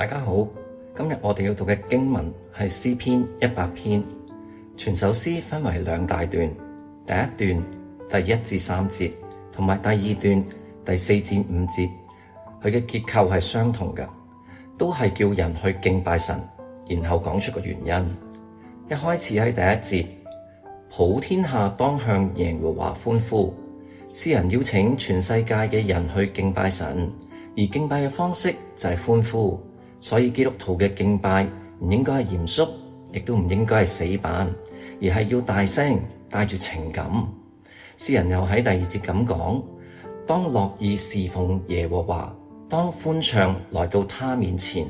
大家好，今日我哋要讀嘅經文係詩篇一百篇。全首詩分為兩大段，第一段第一至三節，同埋第二段第四至五節。佢嘅結構係相同嘅，都係叫人去敬拜神，然後講出個原因。一開始喺第一節，普天下當向耶和華歡呼，詩人邀請全世界嘅人去敬拜神，而敬拜嘅方式就係歡呼。所以基督徒嘅敬拜唔應該係嚴肅，亦都唔應該係死板，而係要大聲帶住情感。詩人又喺第二節咁講：當樂意事奉耶和華，當歡唱來到他面前，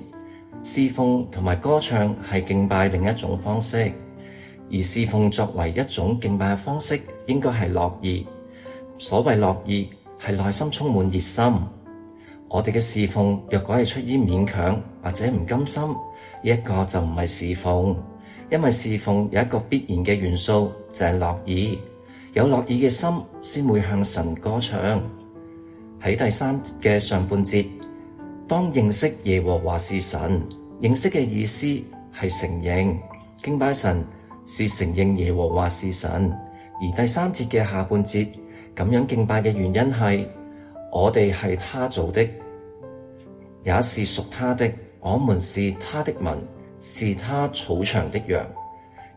事奉同埋歌唱係敬拜另一種方式。而事奉作為一種敬拜嘅方式，應該係樂意。所謂樂意，係內心充滿熱心。我哋嘅侍奉若果係出於勉強或者唔甘心，呢、這、一個就唔係侍奉，因為侍奉有一個必然嘅元素就係、是、樂意，有樂意嘅心先會向神歌唱。喺第三節嘅上半節，當認識耶和華是神，認識嘅意思係承認敬拜神，是承認耶和華是神。而第三節嘅下半節，咁樣敬拜嘅原因係。我哋係他造的，也是屬他的。我們是他的民，是他草場的羊。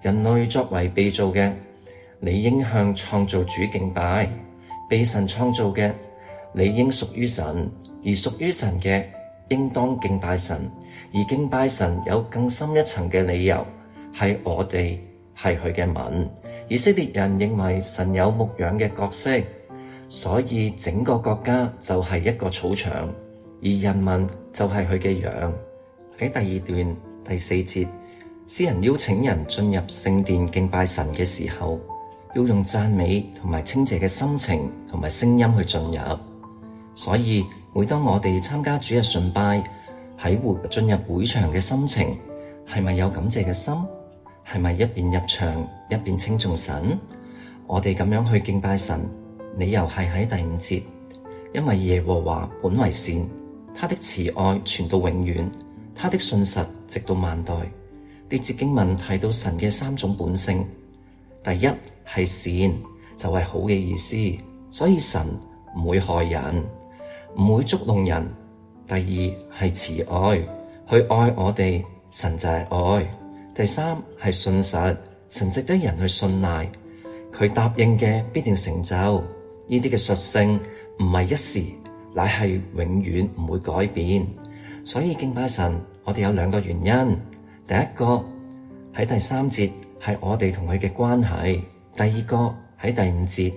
人類作為被造嘅，你應向創造主敬拜。被神創造嘅，你應屬於神。而屬於神嘅，應當敬拜神。而敬拜神有更深一層嘅理由，係我哋係佢嘅民。以色列人認為神有牧羊嘅角色。所以整個國家就係一個草場，而人民就係佢嘅羊。喺第二段第四節，詩人邀請人進入聖殿敬拜神嘅時候，要用讚美同埋稱謝嘅心情同埋聲音去進入。所以每當我哋參加主日崇拜喺會進入會場嘅心情係咪有感謝嘅心？係咪一邊入場一邊稱頌神？我哋咁樣去敬拜神。理由係喺第五節，因為耶和華本為善，他的慈愛存到永遠，他的信實直到萬代。呢節經文提到神嘅三種本性：第一係善，就係好嘅意思，所以神唔會害人，唔會捉弄人；第二係慈愛，去愛我哋，神就係愛；第三係信實，神值得人去信賴，佢答應嘅必定成就。呢啲嘅屬性唔係一時，乃係永遠唔會改變。所以敬拜神，我哋有兩個原因。第一個喺第三節係我哋同佢嘅關係；第二個喺第五節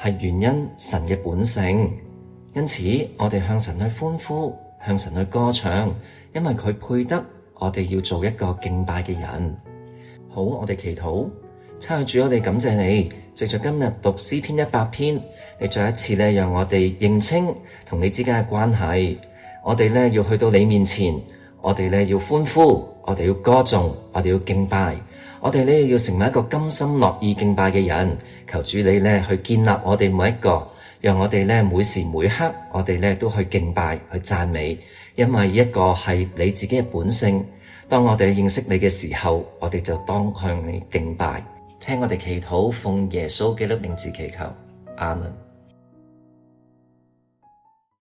係原因神嘅本性。因此，我哋向神去歡呼，向神去歌唱，因為佢配得，我哋要做一個敬拜嘅人。好，我哋祈禱。親愛主，我哋感謝你。藉着今日讀詩篇一百篇，你再一次咧，讓我哋認清同你之間嘅關係。我哋咧要去到你面前，我哋咧要歡呼，我哋要歌頌，我哋要敬拜，我哋咧要成為一個甘心樂意敬拜嘅人。求主你咧去建立我哋每一個，讓我哋咧每時每刻我哋咧都去敬拜去讚美，因為呢個係你自己嘅本性。當我哋認識你嘅時候，我哋就當向你敬拜。聽我哋祈禱，奉耶穌基督名字祈求，阿門。